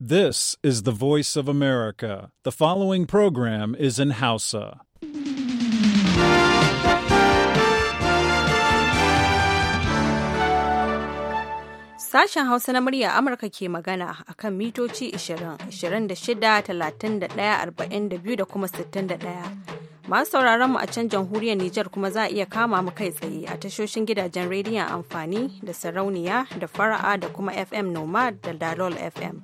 This is the voice of America. The following program is in Hausa. Sashen Hausa na murya Amurka ke magana a kan mitoci 20, 26, 31, 42 da kuma 61. Masu sauraron mu a can jamhuriyar Nijar kuma za a iya kama mu kai tsaye a tashoshin gidajen rediyon amfani da sarauniya da fara'a da kuma FM Noma da Dalol FM.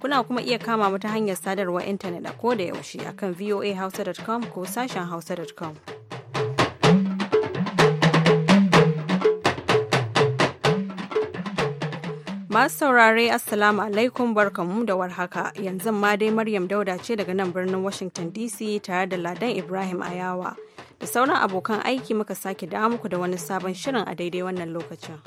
Kuna kuma iya kama mu ta hanyar sadarwar intanet a koda yaushe akan voahausa.com ko sashen hausa.com. Masu saurare Assalamu alaikum barkanmu da warhaka yanzu ma dai Maryam Dauda ce daga nan birnin Washington DC tare da Ladan Ibrahim Ayawa da sauran abokan aiki muka sake da muku da wani sabon shirin a daidai wannan lokacin.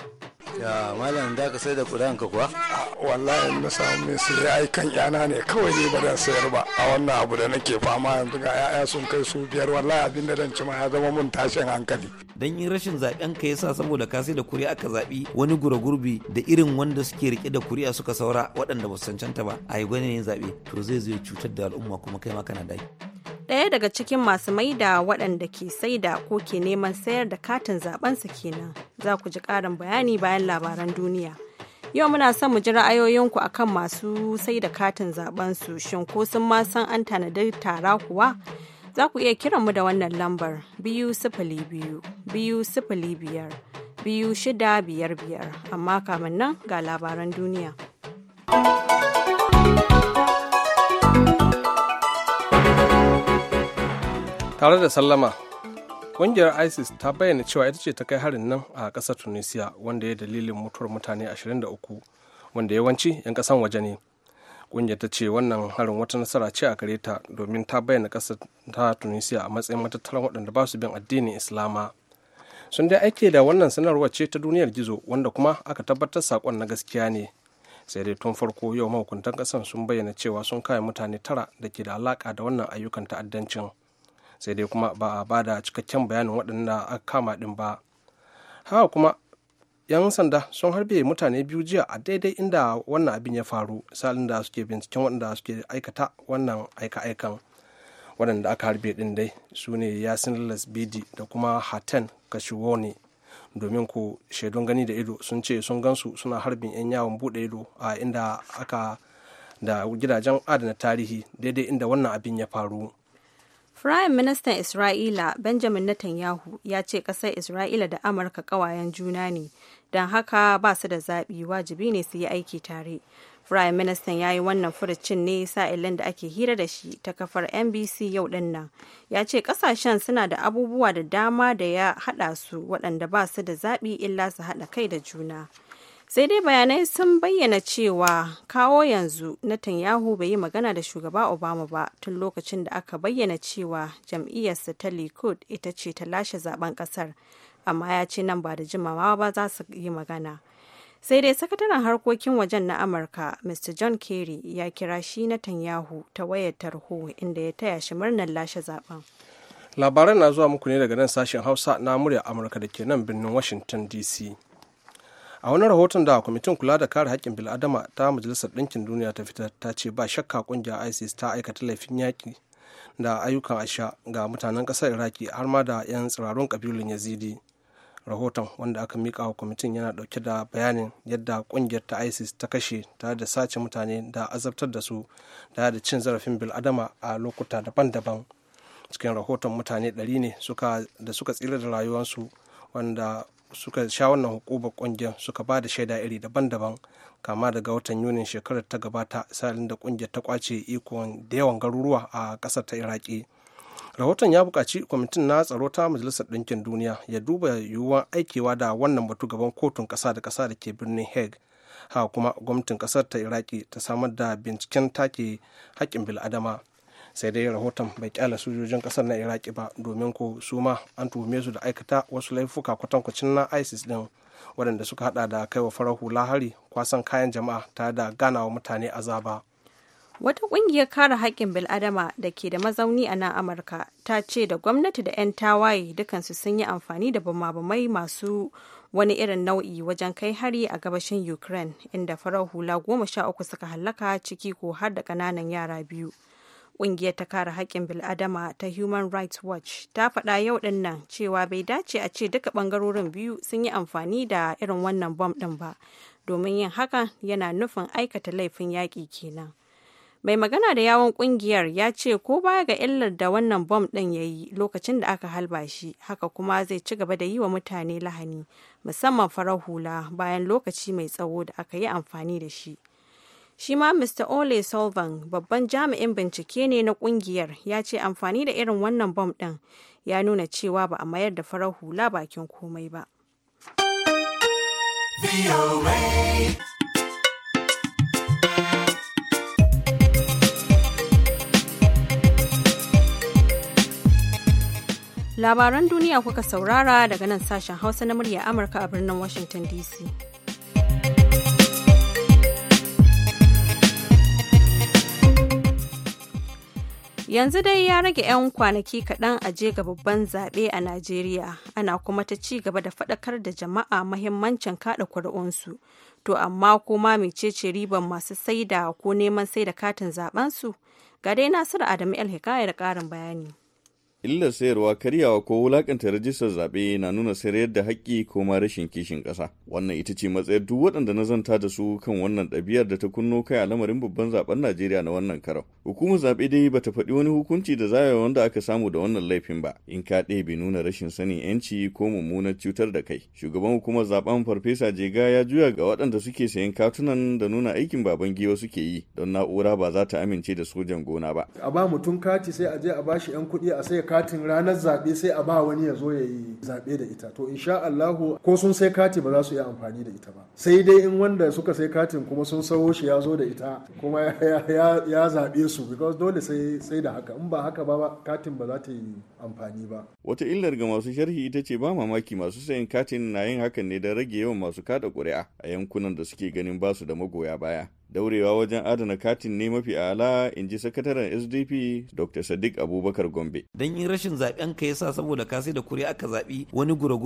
ya malam da ka sai da kudan ka kuwa ah, wallahi na samu mai sai ai kan yana ne kawai ne ba dan sayar ba a wannan abu da nake fama yanzu ga yaya sun kai su biyar wallahi abin da zan ci ma ya zama mun tashin hankali dan yin rashin zaben ka yasa saboda ka sai da kuri aka zabi wani gura gurbi da irin wanda suke rike da kuri'a suka saura waɗanda ba su cancanta ba ai yi gwanin yin zabe to zai zai cutar da al'umma kuma kai ma kana dai ɗaya daga cikin masu maida waɗanda ke saida ko ke neman sayar da katin zaɓensu kenan za ku ji ƙarin bayani bayan labaran duniya yau muna son mu ji ra'ayoyinku akan masu sai da katin su shin ko sun ma san an tanadi tara kuwa za ku iya kiran mu da wannan lambar biyu sifili biyu biyu sifili biyar biyu shida biyar biyar amma kamin nan ga labaran duniya. tare da sallama ƙungiyar isis ta bayyana cewa ita ce ta kai harin nan a ƙasar tunisia wanda ya dalilin mutuwar mutane 23 wanda yawanci 'yan ƙasan waje ne ƙungiyar ta ce wannan harin wata nasara ce a gare ta domin ta bayyana ƙasar ta tunisia a matsayin matattaran waɗanda ba su bin addinin islama sun dai aike da wannan sanarwar ce ta duniyar gizo wanda kuma aka tabbatar saƙon na gaskiya ne sai dai tun farko yau mahukuntan kasan sun bayyana cewa sun kare mutane tara da ke da alaƙa da wannan ayyukan ta'addancin sai dai kuma ba a ba da cikakken bayanin waɗanda aka kama ɗin ba haka kuma 'yan sanda sun harbe mutane biyu jiya a daidai inda wannan abin ya faru salin da suke binciken waɗanda suke aikata wannan aika-aikan waɗanda aka harbe ɗin dai su ne yasin lasbidi da kuma hatan kashiwoni domin ko shaidun gani da ido sun ce sun gansu suna harbin 'yan yawon buɗe ido a inda aka da gidajen adana tarihi daidai inda wannan abin ya faru Firayim Ministan Isra'ila Benjamin Netanyahu ya ce ƙasar Isra'ila da Amurka ƙawayen juna ne, don haka ba su da zaɓi wajibi ne su yi aiki tare. Firayim Ministan ya yi wannan furucin ne sa'ilin da ake hira da shi ta kafar NBC yau ɗin nan. Ya ce ƙasashen suna da abubuwa da dama da ya haɗa su waɗanda ba su da zaɓi illa su haɗa kai da juna. sai dai bayanai sun bayyana cewa kawo yanzu netanyahu bai yi magana da shugaba obama ba tun lokacin da aka bayyana cewa jam'iyyarsa ta likud ita ce ta lashe zaben kasar amma ya ce nan ba da jimawa ba za su yi magana sai dai sakataren harkokin wajen na amurka mr john kerry ya kira shi netanyahu ta wayar tarho inda ya taya shi murnar lashe zaben labaran na zuwa muku ne daga nan sashen hausa na murya amurka da ke nan birnin washington dc a wani rahoton da kwamitin kula da kare haƙƙin bil'adama ta majalisar ɗinkin duniya ta fitar ta ce ba shakka ƙungiyar isis ta aikata laifin yaƙi da ayyukan asha ga mutanen ƙasar iraki har ma da 'yan tsirarun ƙabilun yazidi rahoton wanda aka mika wa kwamitin yana ɗauke da bayanin yadda ƙungiyar ta isis ta kashe ta da sace mutane da azabtar da su tare da cin zarafin bil'adama a lokuta daban-daban cikin rahoton mutane ɗari ne da suka tsira da rayuwarsu wanda suka sha wannan hukumar kungiyar suka ba da shaida iri daban-daban kama daga watan yunin shekarar ta gabata sa'ilin da kungiyar ta kwace ikon da yawan garuruwa a kasar ta iraki rahoton ya buƙaci kwamitin na tsaro ta majalisar ɗinkin duniya ya duba yiwuwar aikewa da wannan batu gaban kotun ƙasa da ƙasa da ke birnin hague ha kuma gwamnatin ƙasar ta iraki ta samar da binciken take haƙƙin bil'adama sai dai rahoton bai kyala sojojin kasar na iraki ba domin ko su ma an tuhume su da aikata wasu laifuka kwatankwacin na isis din waɗanda suka hada da kaiwa farar hula hari kwasan kayan jama'a tare da ganawa mutane azaba wata ƙungiyar kare haƙƙin bil'adama da ke da mazauni a nan amurka ta ce da gwamnati da 'yan tawaye dukansu sun yi amfani da bumabumai masu wani irin nau'i wajen kai hari a gabashin ukraine inda farar hula goma sha uku suka hallaka ciki ko har da ƙananan yara biyu Ƙungiyar ta kare haƙƙin bil'adama ta Human Rights Watch ta faɗa yau ɗin nan cewa bai dace a ce duka ɓangarorin biyu sun yi amfani da irin wannan bom ɗin ba, domin yin hakan yana nufin aikata laifin yaƙi kenan. Mai magana da yawon ƙungiyar ya ce ko baya ga illar da wannan bom ɗin ya yi lokacin da aka halba shi, haka kuma zai ci gaba da yi wa mutane lahani, musamman farar hula bayan lokaci mai tsawo da aka yi amfani da shi. Shi ma Mr. Ole Sullivan babban jami'in bincike ne na kungiyar ya ce amfani da irin wannan bom ɗin ya nuna cewa ba a mayar da farar hula bakin komai ba. Labaran duniya kuka saurara daga nan sashen Hausa na murya Amurka a birnin Washington DC. yanzu dai ya rage 'yan kwanaki kaɗan a je ga babban zaɓe a najeriya ana kuma ta ci gaba da faɗakar da jama'a mahimmancin kaɗa kuri'unsu to amma kuma mecece riban masu saida ko neman saida katin zaɓensu ga dai nasiru adamu el hikaya da ƙarin bayani illar sayarwa karyawa ko wulakanta rajistar zaɓe na nuna sayar yadda haƙƙi ko ma rashin kishin ƙasa wannan ita ce matsayar duk waɗanda na zanta da su kan wannan ɗabi'ar da ta kunno kai a lamarin babban zaɓen najeriya na wannan karau hukumar zaɓe dai bata faɗi wani hukunci da zaya wanda aka samu da wannan laifin ba in ka ɗaya bai nuna rashin sanin yanci ko mummunar cutar da kai shugaban hukumar zaɓen farfesa jega ya juya ga waɗanda suke sayan katunan da nuna aikin baban giwa suke yi don na'ura ba za ta amince da sojan gona ba a ba mutum kati sai a je a bashi 'yan kuɗi a sai katin ranar zaɓe sai a ba wani ya zo ya yi zaɓe da ita to insha Allahu ko sun sai kati ba za su yi amfani da ita ba sai dai in wanda suka sai katin kuma sun sawo shi ya zo da ita kuma ya zaɓe su because dole sai da haka in ba haka ba katin ba za ta yi amfani ba wata illar ga masu sharhi ita ce ba mamaki masu sayan katin na yin hakan ne don rage yawan masu kada ƙuri'a a yankunan da suke ganin basu da magoya baya daurewa wajen adana katin ne mafi ala in ji sakataren sdp dr sadiq abubakar gombe don yin rashin zaben ka sa saboda ka sai da kuri'a aka zaɓi wani gura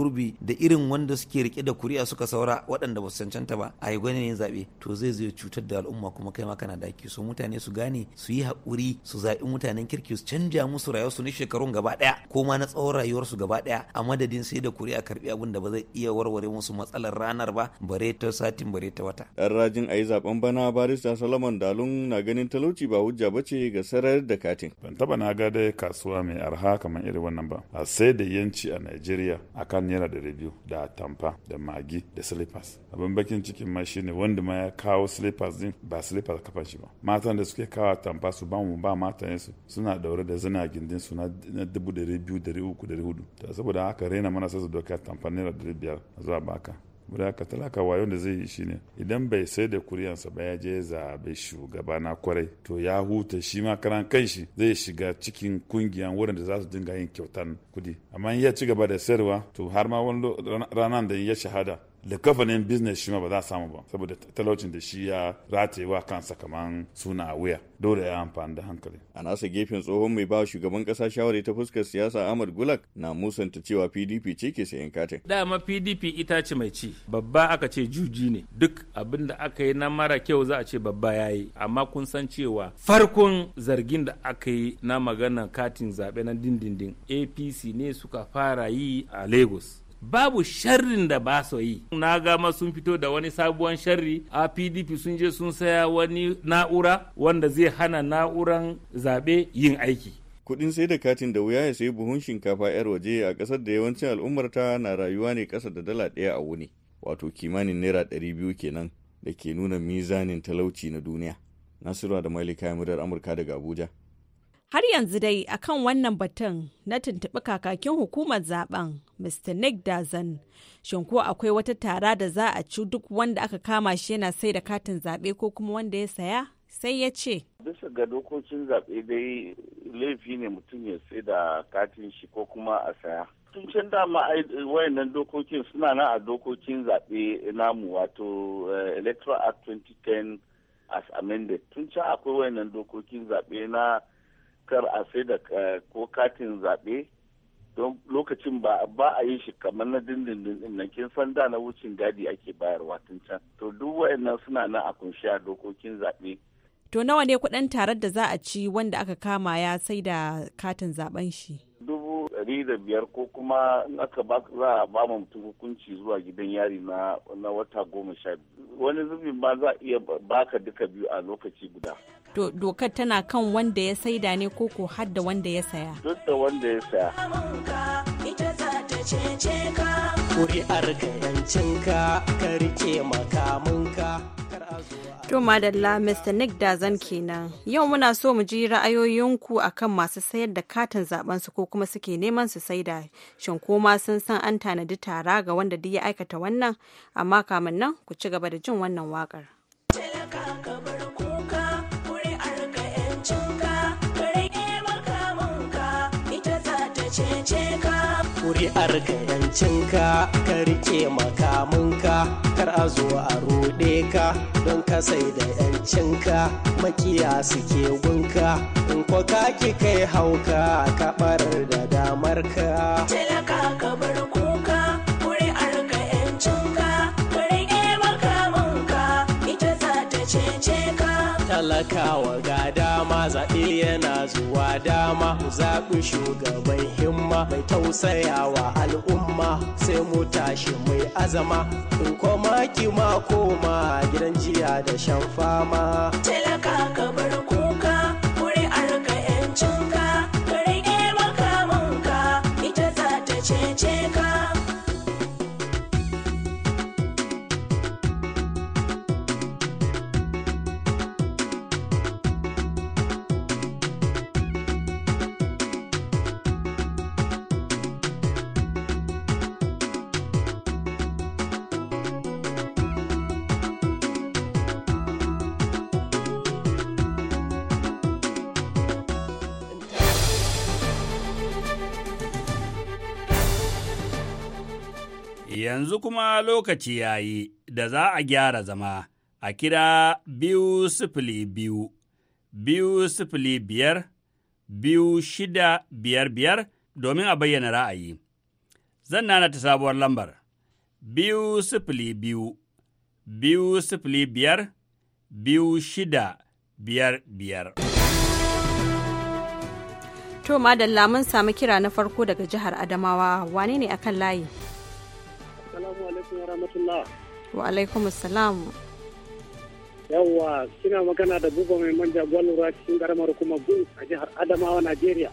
da irin wanda suke rike da kuri'a suka saura waɗanda ba su cancanta ba a yi gwani ne zaɓe to zai zai cutar da al'umma kuma kai ma kana daki su mutane su gane su yi haƙuri su zaɓi mutanen kirki su canja musu rayuwarsu na shekarun gaba ɗaya ko ma na tsawon rayuwarsu gaba ɗaya a madadin sai da kuri'a karɓi abin da ba zai iya warware musu matsalar ranar ba bare ta satin bare ta wata. Ɗan rajin a yi zaɓen bana barista Solomon Dalun na ganin talauci ba hujja ba ce ga sarar da katin. Ban taba na ga dai kasuwa mai arha kamar irin wannan ba. A sai da yanci a Najeriya kan naira da biyu da tamfa da magi da slippers. Abin bakin cikin ma shine wanda ma ya kawo slippers din ba slippers kafa shi ba. Matan da suke kawo tamfa su ba mu ba matan su suna daure da zina gindin su na dubu da biyu da uku da hudu. Saboda haka rena mana sai su doka tamfa naira da biyar zuwa baka. Bura talaka wayon da zai yi shi ne idan bai sai da kuriyansa ba ya je zaɓe shugaba na kwarai to ya huta shi ma karan shi zai shiga cikin kungiyan wurin da za su dinga yin kyautan kudi amma ya ci gaba da sayarwa to har ma wani ranar da ya shahada da kafanin business shi ma ba za a samu ba saboda talaucin da shi ya ratewa kansa kaman suna a wuya dole ya amfani da hankali a nasa gefen tsohon mai ba shugaban kasa shawari ta fuskar siyasa ahmad gulak na musanta cewa pdp ce ke sayan katin dama pdp ita ce mai ci babba aka ce juji ne duk abin da aka yi na mara kyau za a ce babba ya yi amma kun san cewa farkon zargin da aka yi na magana katin zaɓe na dindindin apc ne suka fara yi a lagos babu sharrin da ba su yi na gama sun fito da wani sabuwan sharri a pdp sun je sun saya wani na'ura wanda zai hana na'uran zaɓe yin aiki kudin sai da katin da wuya ya sayi buhun shinkafa yar waje a ƙasar da yawancin al'ummar ta na rayuwa ne ƙasa da dala ɗaya a wuni wato kimanin naira ɗari biyu kenan da ke nuna mizanin talauci na duniya nasiru da malika murar amurka daga abuja Har yanzu dai akan wannan batun na tuntuɓi kakakin hukumar zaben Mr. Nick Dazan. Shin ko akwai wata tara da za a ci duk wanda aka kama shi yana sai da katin zaɓe ko kuma wanda ya saya? Sai ya ce. Bisa ga dokokin zaɓe dai laifi ne mutum ya sai da katin shi ko kuma a saya. Tun can dama wayannan dokokin suna nan a dokokin zaɓe namu wato eh, Electoral Act 2010 as amended. Tun can akwai wayannan dokokin zaɓe na kar a sai da eh, ko katin zaɓe don lokacin ba a yi shi kamar na dindindin din nan kin san da na wucin gadi ake bayarwa tun can to duk wayannan suna nan a kunshi a dokokin zaɓe to nawa ne kuɗin tarar da za a ci wanda aka kama ya sai da katin zaben shi dubu ɗari da biyar ko kuma in aka ba za a ba mutum hukunci zuwa gidan yari na na wata goma sha biyu wani zubin ba za a iya baka duka biyu a lokaci guda dokar tana kan wanda ya saida ne koko ko har da wanda ya saya duk da wanda ya saya kuri'ar ka ka rike To madalla Mr. Nick Dazan kenan. Yau muna so mu ji ra'ayoyinku akan masu sayar da katin zaben su ko kuma suke neman su saida. Shin ko ma sun san an tanadi tara ga wanda duk ya aikata wannan? Amma kamin nan ku ci gaba da jin wannan wakar kuri'ar ka yancinka ka rike makaminka kar a zo a ruɗe ka don ka sai da yancinka makiya suke gunka in ko ka ki kai hauka ka barar da damar ka talaka ka bar kuka kuri'ar ka ka makaminka ita za talakawa ga dama zaɓe yana zuwa dama mu zaɓi shugaban himma mai tausayawa al'umma sai mu tashi mai azama in koma ma koma gidan jiya da shan fama Yanzu kuma lokaci ya yi da za a gyara zama a kira biyu sifili biyu, biyu sifili biyar, biyu shida biyar biyar domin a bayyana ra'ayi. Zan nana ta sabuwar lambar, biyu sifili biyu, biyu sifili biyar, biyu shida biyar biyar. To, madalla mun sami kira na farko daga jihar Adamawa, wane ne akan layi? Assalamu alaikum wa rahmatullah. Wa alaikum assalam. Yawwa kina magana da buba mai manja gwalura cikin garamar kuma gun a jihar Adamawa Najeriya.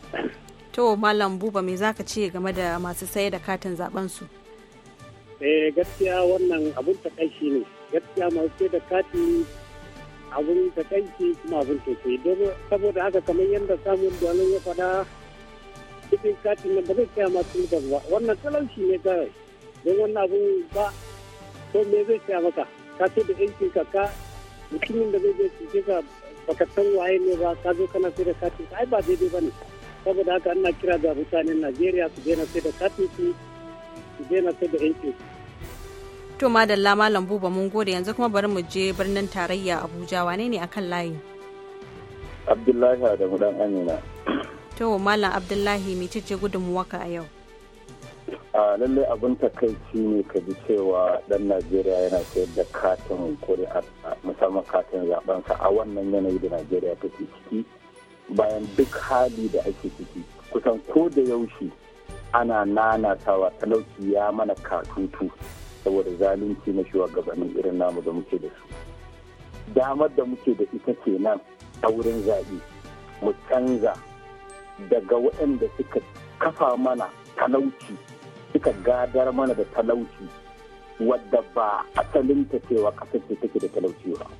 To Malam Buba me zaka ce game da masu saye da katin zaben su? Eh gaskiya wannan abun kai ne. Gaskiya masu saye da katin abun takaici kuma abun kai Saboda haka kamar yadda samun dalilin ya fada cikin katin nan ba zai tsaya masu ba wannan talauci ne kawai. don wani abu ba to me zai tsaya maka ka ce da yankin ka ka mutumin da zai zai ce ka baka san waye ne ba ka zo kana sai da katin ai ba daidai ba ne saboda haka ana kira ga mutanen najeriya su daina sai da katin su su daina sai da yankin to madalla malam buba mun gode yanzu kuma bari mu je birnin tarayya abuja wane ne akan layi abdullahi adamu dan amina to malam abdullahi mecece gudunmuwa ka a yau a lallai abin takaici ne ka ji cewa dan najeriya yana sayar da katin a musamman katin zabensa a wannan yanayi da najeriya ta ke ciki bayan duk hali da ake ciki kusan ko da yaushe ana nanatawa talauci ya mana katutu saboda zalunci na shugabannin irin namu da muke da su damar da muke da ita kenan a wurin zaɓe mu canza daga waɗanda suka kafa mana talauci suka gadar mana da talauci wadda ba asalin ta cewa ƙasar ce take da talauci ba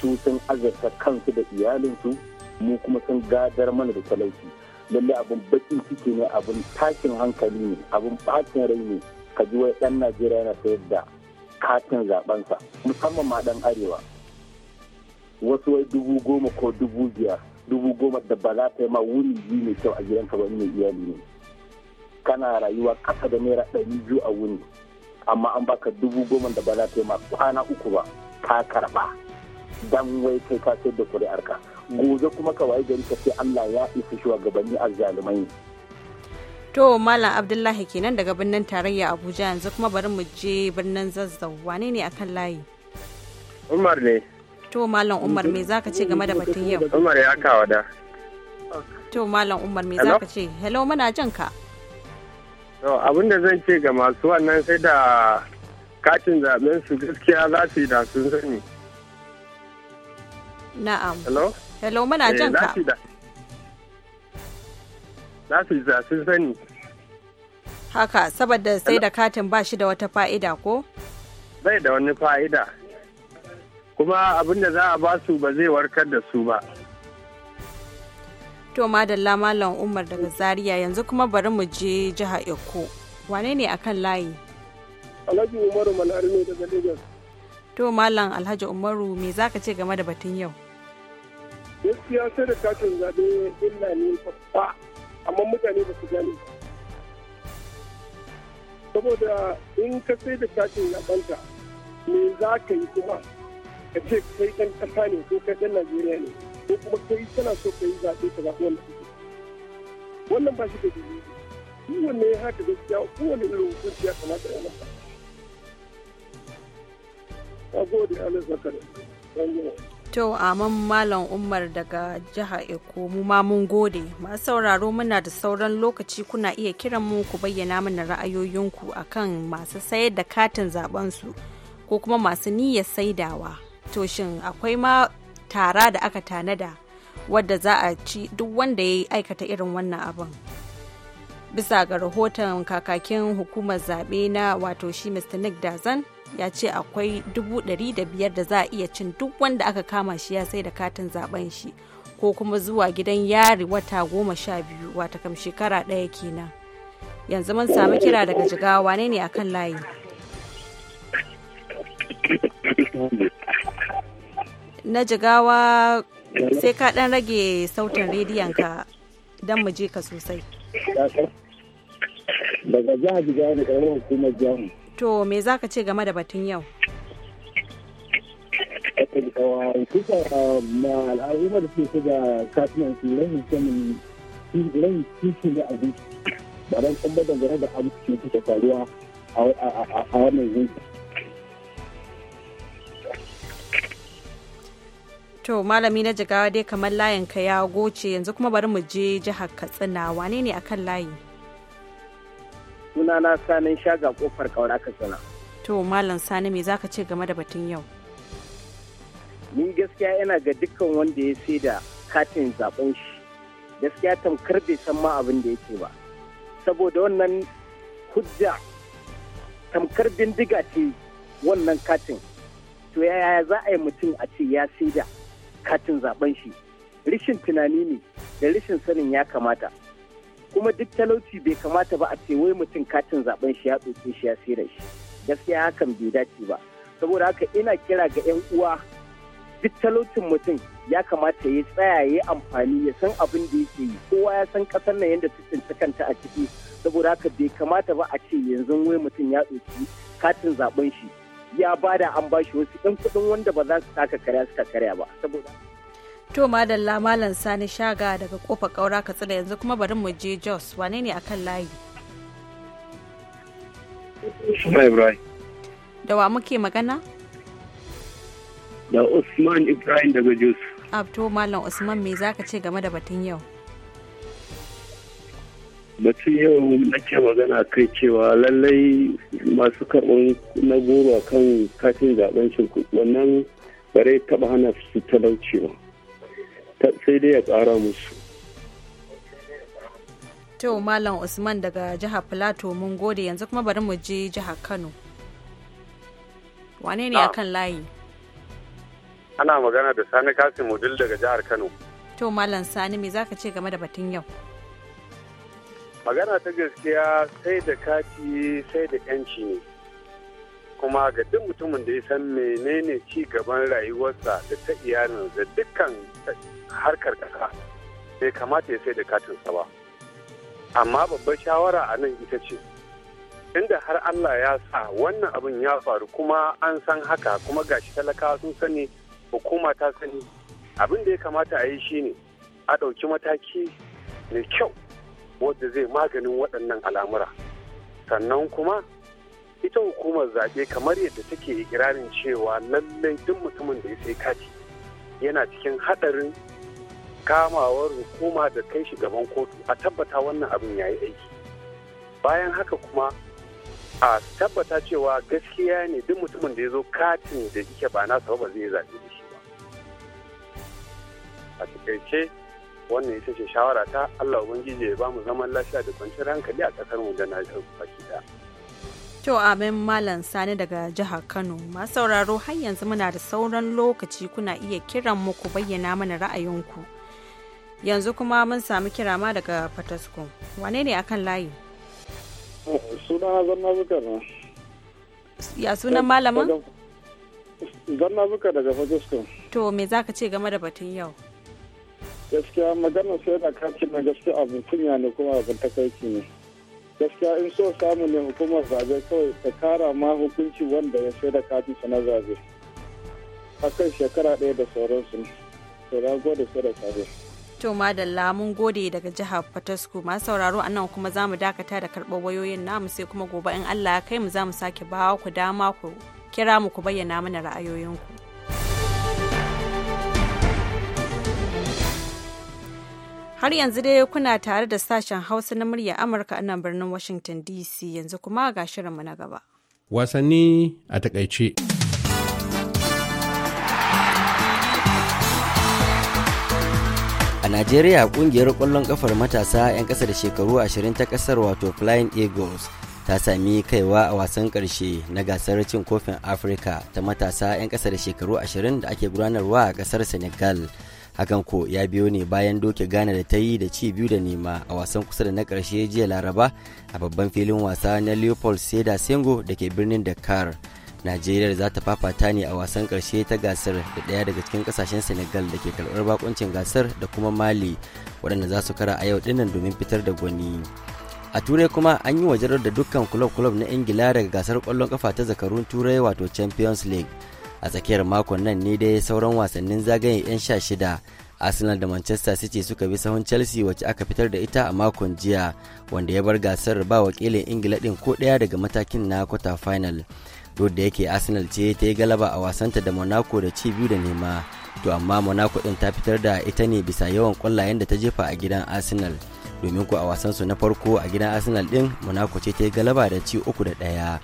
su sun azurta kansu da iyalinsu mu kuma sun gadar mana da talauci lalle abin baki ciki ne abin tashin hankali ne abin bacin rai ne ka ji wai ɗan najeriya yana sayar da katin zaɓensa musamman ma ɗan arewa wasu wai dubu goma ko dubu biyar dubu goma da ba za ta yi ma wuri biyu mai kyau a gidanka ba mai iyali ne kana rayuwa kasa da naira ɗari biyu a wuni amma an baka dubu goma da ba za ta yi ma kwana uku ba ka karba dan wai kai ka sayar da kuri'arka gobe kuma ka waye gari ka ce Allah ya isa shi wa shugabanni azzalumai to malam abdullahi kenan daga birnin tarayya abuja yanzu kuma bari mu je birnin zazzau wane ne akan layi umar ne to malam umar me zaka ce game da batun yau umar ya kawo da to malam umar me zaka ce hello muna jan ka abin da zan ce ga masu wannan sai da katin zaben su gaskiya za su yi da sun sani. Na'am. Hello? Hello muna eh, jan ka. Za su yi da sun sani. Haka, saboda sai da katin ba shi da wata fa'ida ko? Bai da wani fa'ida. Kuma abin da za a ba su ba zai warkar da su ba. To madalla Malam Umar daga Zariya yanzu kuma bari mu je jiha Eko. Wane ne akan layi? Alhaji Umaru Malari ne daga Lagos. To Malam Alhaji Umaru me za ka ce game da batun yau? Gaskiya sai da katin zaɓe illa ne babba amma mutane ba su gane. Saboda in ka sai da katin zaɓenka me za ka yi kuma ka ce kai ɗan ƙasa ne ko ka ɗan Najeriya ne. ko kuma kai kana so ka yi zaɓe ka zaɓi wanda kake wannan ba shi da dalili wanne ya haka gaskiya kowanne irin hukunci ya kamata ya masa a gode alai zakari To aman Malam Umar daga jiha Eko mu ma mun gode. Masu sauraro muna da sauran lokaci kuna iya kiran mu ku bayyana mana ra'ayoyinku akan masu sayar da katin zaben su ko kuma masu niyyar saidawa. To shin akwai ma tara da aka tanada wadda za a ci duk wanda ya yi aikata irin wannan abin bisa ga rahoton kakakin hukumar zaɓe na wato shi mr nick dazan ya ce akwai dubu ɗari da biyar da za a iya cin duk wanda aka kama shi ya sai da katin zaben shi ko kuma zuwa gidan yari wata goma sha biyu wata kam shekara ɗaya kenan yanzu mun samu kira daga jigawa ne ne akan layi na jigawa sai ka ɗan rage sautin rediyon ka don mu je ka sosai. Daga za a jigawa da karamar hukumar jamu. To me za ka ce game da batun yau? Kusa ma al'aruma da suke da kasuwan su rahin sanin rahin kishi da abinci. Ba don kan da abinci da faruwa a wannan yankin. To malami na jigawa dai kamar layin ka ya goce yanzu kuma bari mu je jihar Katsina wane ne akan layi? Sunana sanin shaga kofar kaura Katsina. To malam sani me zaka ce game da batun yau? Ni gaskiya yana ga dukkan wanda ya sai da katin zaben shi. Gaskiya tamkar bai san ma abin da yake ba. Saboda wannan hujja tamkar bindiga ce wannan katin. To yaya za a yi mutum a ce ya sai katin zaben shi rishin tunani ne da rishin sanin ya kamata kuma duk talauci bai kamata ba a ce wai mutum katin zaben shi ya ɗauke shi ya sayar shi gaskiya hakan bai dace ba saboda haka ina kira ga 'yan uwa duk talaucin mutum ya kamata ya tsaya ya amfani ya san abin da yake yi kowa ya san kasar nan yadda ta cinta kanta a ciki saboda haka bai kamata ba a ce yanzu wai mutum ya ɗauki katin zaben shi ya bada an bashi wasu ɗan kuɗin wanda ba za su taka karya suka karya ba saboda to madalla malam sani shaga daga kofa kaura katsina yanzu kuma bari mu je jos wane ne akan layi Da wa muke magana? Da Usman Ibrahim daga Jos. Abto ah, Malam Usman me zaka ce game da batun yau? batun yau nake magana kai cewa lallai masu karɓar na goro kan katin zaben shi wannan bare taɓa hana su talaucewa sai dai ya ƙara musu to malam usman daga jihar plateau mun gode yanzu kuma bari mu je jihar kano wane ne akan ah. layi ana magana da sani kasim mudil daga jihar kano to malam sani me zaka ce game da batun yau magana ta gaskiya sai da kati sai da yanci ne kuma ga duk mutumin da ya san menene ci gaban rayuwarsa da ta iyalin da dukkan harkar ƙasa bai kamata ya sai da katinsa ba amma babbar shawara a nan ita ce inda har Allah ya sa wannan abin ya faru kuma an san haka kuma gashi talakawa sun sani hukuma ta sani abin da ya kamata a yi shine a ɗauki mataki mai kyau wadda zai maganin waɗannan al'amura sannan kuma ita hukumar zaɓe kamar yadda take ikirarin cewa lallai duk mutumin da ya sai kati yana cikin haɗarin kamawar hukuma da kai shi gaban kotu a tabbata wannan abin ya yi aiki bayan haka kuma a tabbata cewa gaskiya ne duk mutumin da ya zo katin da yake ba nasa ba zai zaɓe da shi ba a takaice wannan ita ce shawara ta Allah ubangiji ya bamu zaman lafiya da kwanciyar hankali a kasar mu da Najeriya baki da To amin Malam Sani daga jihar Kano masu sauraro har yanzu muna da sauran lokaci kuna iya kiran mu ku bayyana mana ra'ayinku. Yanzu kuma mun samu kira ma daga Fatasko. Wane ne akan layi? Suna zanna zuka na. Ya sunan malamin? Zanna zuka daga Fatasko. To me zaka ce game da batun yau? gaskiya magana sai da kaci na gaske abin kunya ne kuma abin takaici ne gaskiya in so samu ne hukumar zabe kawai ta kara ma hukunci wanda ya sai da katin na zabe kan shekara ɗaya da sauransu ne to na gode sai da zabe to madalla mun gode daga jihar Fatasku masu sauraro a nan kuma za mu dakata da karɓar wayoyin namu sai kuma gobe in Allah ya kai mu za mu sake bawa ku dama ku kira mu ku bayyana mana ra'ayoyinku. Har yanzu dai kuna tare da sashen Hausa na murya Amurka a nan birnin Washington DC yanzu kuma ga shirinmu na gaba. Wasanni a takaice. A Najeriya kungiyar ƙwallon kafar matasa 'yan ƙasa da shekaru 20 ta ƙasar wato Flying Eagles ta sami kaiwa a wasan ƙarshe na gasar cin kofin Afirka ta matasa 'yan ƙasa da shekaru 20 da ake gudanarwa a ƙasar Senegal. hakan ko ya biyo ne bayan doke ghana da ta yi da ci biyu da nema a wasan kusa da na karshe jiya laraba a babban filin wasa na leopold seda sengo da ke birnin dakar najeriya za ta fafata ne a wasan karshe ta gasar da ɗaya daga cikin kasashen senegal da ke karɓar bakuncin gasar da kuma mali waɗanda za su kara a yau dinnan domin fitar da gwani a turai kuma an yi wajarar da dukkan kulob-kulob na ingila daga gasar kwallon kafa ta zakarun turai wato champions league a tsakiyar makon nan ne dai sauran wasannin zagayen 'yan sha shida arsenal da manchester city suka bi sahun chelsea wacce aka fitar da ita a makon jiya wanda ya bar gasar ba wakilin ingila din ko daya daga matakin na quarter final duk da yake arsenal ce ta yi galaba a wasanta da monaco da ci biyu da nema to amma monaco din ta fitar da ita ne bisa yawan kwallayen da ta jefa a gidan arsenal domin ku a wasansu na farko a gidan arsenal din monaco ce ta yi galaba da ci uku da daya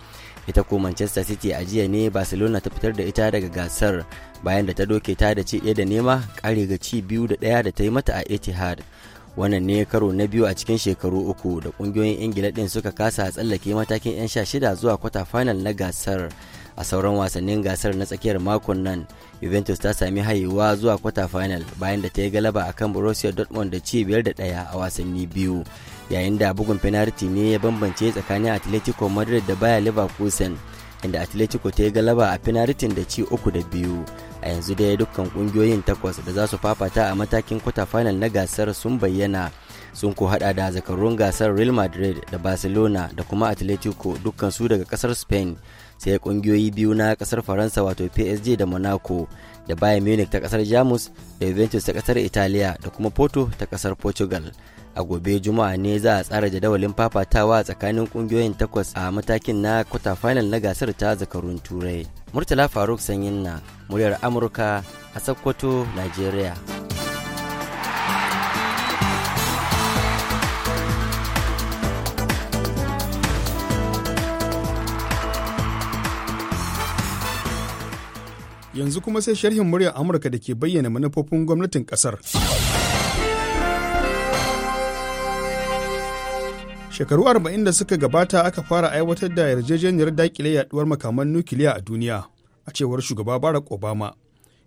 ita ko manchester city a jiya ne barcelona ta fitar da ita daga gasar bayan da ta doke ta da ci da nema kare ga ci biyu da ɗaya da ta yi mata a etihad wannan ne karo na biyu a cikin shekaru uku da kungiyoyin ingila din suka kasa tsallake matakin 'yan sha shida zuwa kwata final na gasar a sauran wasannin gasar na tsakiyar makon nan juventus ta sami haihuwa zuwa kwata final bayan da ta yi galaba akan borussia dortmund da ci biyar da ɗaya a wasanni biyu yayin da bugun fenarti ne ya bambance tsakanin atletico madrid da baya leverkusen inda atletico ta yi galaba a fenaritin da ci uku da biyu a yanzu dai dukkan kungiyoyin takwas da za su fafata a matakin kwata final na gasar sun bayyana sun ko hada da zakarun gasar real madrid da barcelona da kuma atletico dukkan su daga kasar spain sai kungiyoyi biyu na kasar faransa wato psg da monaco da bayern munich ta kasar jamus da juventus ta kasar italiya da kuma porto ta kasar portugal a gobe juma'a ne za a tsara jadawalin fafatawa tsakanin kungiyoyin takwas a matakin na kwata final na gasar ta zakarun turai murtala faruk sanyin na muryar amurka a sokoto nigeria yanzu kuma sai sharhin muryar amurka da ke bayyana manufofin gwamnatin kasar shekaru 40 da suka gabata aka fara aiwatar da yarjejeniyar dakile yaduwar makaman nukiliya a duniya a cewar shugaba barack obama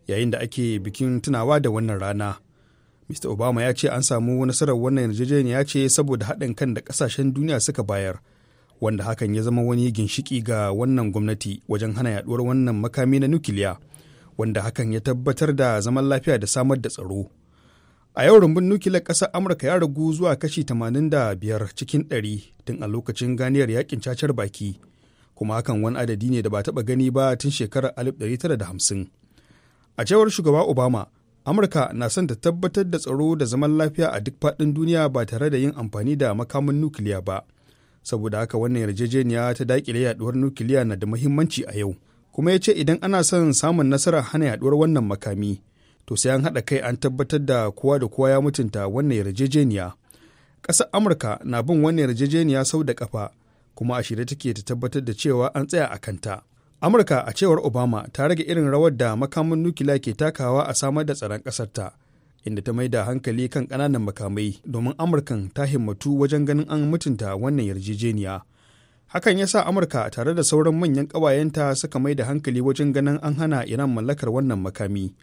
yayin da ake bikin tunawa da wannan rana mr obama ya ce an samu nasarar wannan yarjejeniya ce saboda haɗin kan da ƙasashen duniya suka bayar wanda hakan ya zama wani ginshiki ga wannan gwamnati wajen hana yaduwar wannan makami na nukiliya wanda hakan ya tabbatar da zaman lafiya da samar da tsaro A yau rumbun nukilar ƙasa Amurka ya ragu zuwa kashi 85 cikin 100 tun a lokacin ganiyar yakin cacar baki, kuma hakan wani adadi ne da ba taɓa gani ba tun shekarar 1950. A cewar shugaba Obama, Amurka na son ta tabbatar da tsaro da zaman lafiya a duk faɗin duniya ba tare da yin amfani da makamin nukiliya ba. Saboda haka wannan yarjejeniya ta daƙile yaduwar nukiliya na da muhimmanci a yau. Kuma ya ce idan ana son samun nasarar hana yaduwar wannan makami, to sai an haɗa kai an tabbatar da kowa da kowa ya mutunta wannan yarjejeniya ƙasar amurka na bin wannan yarjejeniya sau da ƙafa kuma a shirye take ta tabbatar da cewa an tsaya a kanta amurka a cewar obama ta rage irin rawar da makamin nukila ke takawa a samar da tsaron ƙasarta inda ta mai da hankali kan ƙananan makamai domin amurkan ta himmatu wajen ganin an mutunta wannan yarjejeniya hakan ya sa amurka tare da sauran manyan ƙawayenta suka mai da hankali wajen ganin an hana iran mallakar wannan makami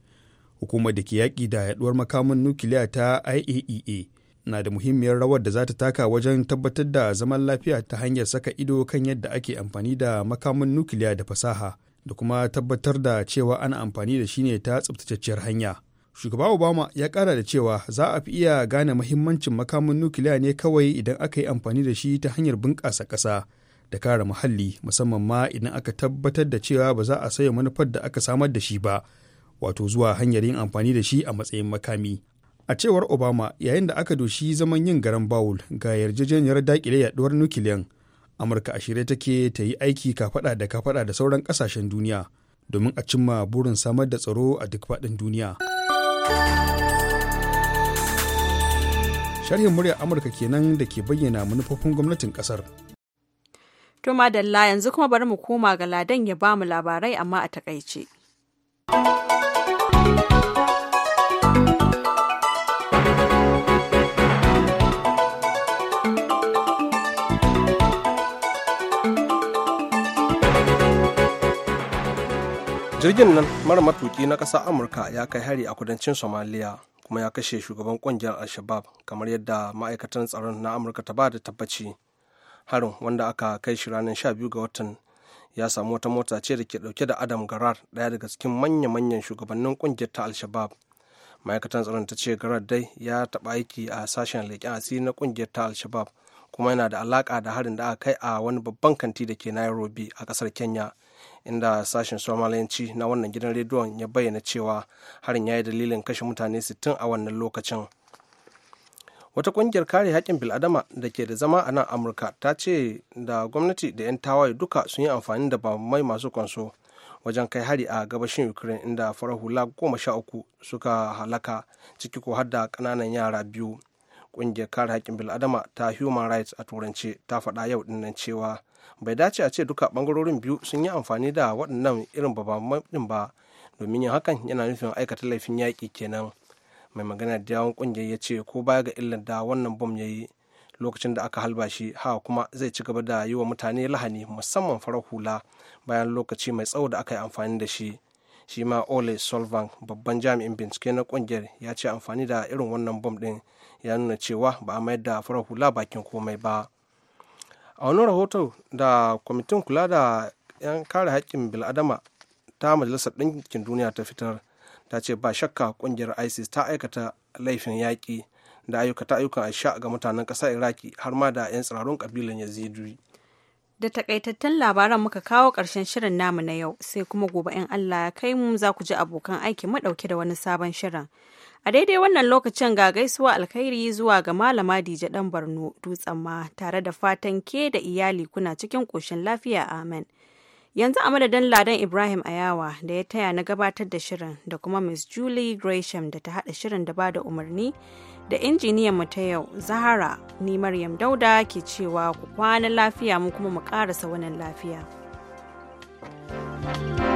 hukumar da ke yaƙi da yaduwar makaman nukiliya ta iaea e na da muhimmiyar rawar da za ta taka wajen tabbatar da zaman lafiya ta hanyar saka ido kan yadda ake amfani da makaman nukiliya da fasaha da kuma tabbatar da cewa ana amfani da shi ne ta tsabtacciyar hanya shugaba obama ya kara da cewa za a fi iya gane mahimmancin makamin nukiliya ne kawai idan aka yi amfani da shi ta hanyar bunƙasa ƙasa da kare muhalli musamman ma idan aka tabbatar da cewa ba za a sayo manufar da aka samar da shi ba wato zuwa hanyar yin amfani da shi a matsayin makami a cewar obama yayin da aka doshi zaman yin garan bawul ga yarjejeniyar dakile yaduwar nukiliyan amurka a shirye take ta yi aiki kafada da kafada da sauran kasashen duniya domin a cimma burin samar da tsaro a duk faɗin duniya sharhin muryar amurka kenan da ke bayyana manufofin gwamnatin kasar to madalla yanzu kuma bari mu koma ga ladan ya ba mu labarai amma a takaice. jirgin nan mara matuki na ƙasar amurka ya kai hari a kudancin somaliya kuma ya kashe shugaban kungiyar al-shabab kamar yadda ma'aikatan tsaron na amurka ta ba da tabbaci harin wanda aka kai shi ranar 12 ga watan ya samu wata mota ce da ke dauke da adam garar daya daga cikin manya-manyan shugabannin kungiyar ta al-shabab ma'aikatan tsaron ta ce garar dai ya taba aiki a sashen leƙen asiri na kungiyar ta al-shabab kuma yana da alaka da harin da aka kai a wani babban kanti da ke nairobi a kasar kenya inda sashen somaliyanci na wannan gidan rediyon ya bayyana cewa harin ya yi dalilin kashe mutane 60 a wannan lokacin wata kungiyar kare haƙƙin bil'adama da ke da zama a nan amurka ta ce da gwamnati da 'yan tawaye duka sun yi amfani da mai masu kwanso wajen kai hari a gabashin ukraine inda farar hula goma sha uku suka halaka ciki ko har da ƙananan yara biyu kungiyar kare haƙƙin bil'adama ta human rights a Turanci ta faɗa yau dinnan cewa bai dace a ce duka ɓangarorin biyu sun yi amfani da waɗannan irin babban ba domin yin hakan yana nufin aikata laifin yaƙi kenan mai magana da yawon ƙungiyar ya ce ko baya ga illar da wannan bom ya yi lokacin da aka halba shi haka kuma zai ci gaba da yi wa mutane lahani musamman farar hula bayan lokaci mai tsawo da aka yi amfani da shi shi ma ole solvang babban jami'in bincike na kungiyar ya ce amfani da irin wannan bom din ya nuna cewa ba a mayar da farar hula bakin komai ba a wani rahoto da kwamitin kula da 'yan kare haƙƙin bil'adama ta majalisar ɗinkin duniya ta fitar ta ce ba shakka ƙungiyar isis ta aikata laifin yaƙi da ayyuka ta ayyukan aisha ga mutanen ƙasar iraki har ma da 'yan tsirarun ƙabilan yazidi da takaitattun labaran muka kawo ƙarshen shirin namu na yau sai kuma gobe in allah ya kai mu za ku ji abokan aiki mu ɗauke da wani sabon shirin A daidai wannan lokacin ga gaisuwa alkhairi zuwa ga Malama Dije ɗan Barno dutsen ma tare da fatan ke da iyali kuna cikin ƙoshin lafiya amen. Yanzu a madadin Ladan Ibrahim Ayawa da ya taya na gabatar da shirin da kuma Miss Julie Gresham da ta haɗa shirin da ba da umarni da injiniyan mu ta yau Zahara ni Maryam Dauda ke cewa ku kwana lafiya mu kuma mu ƙarasa wannan lafiya. thank you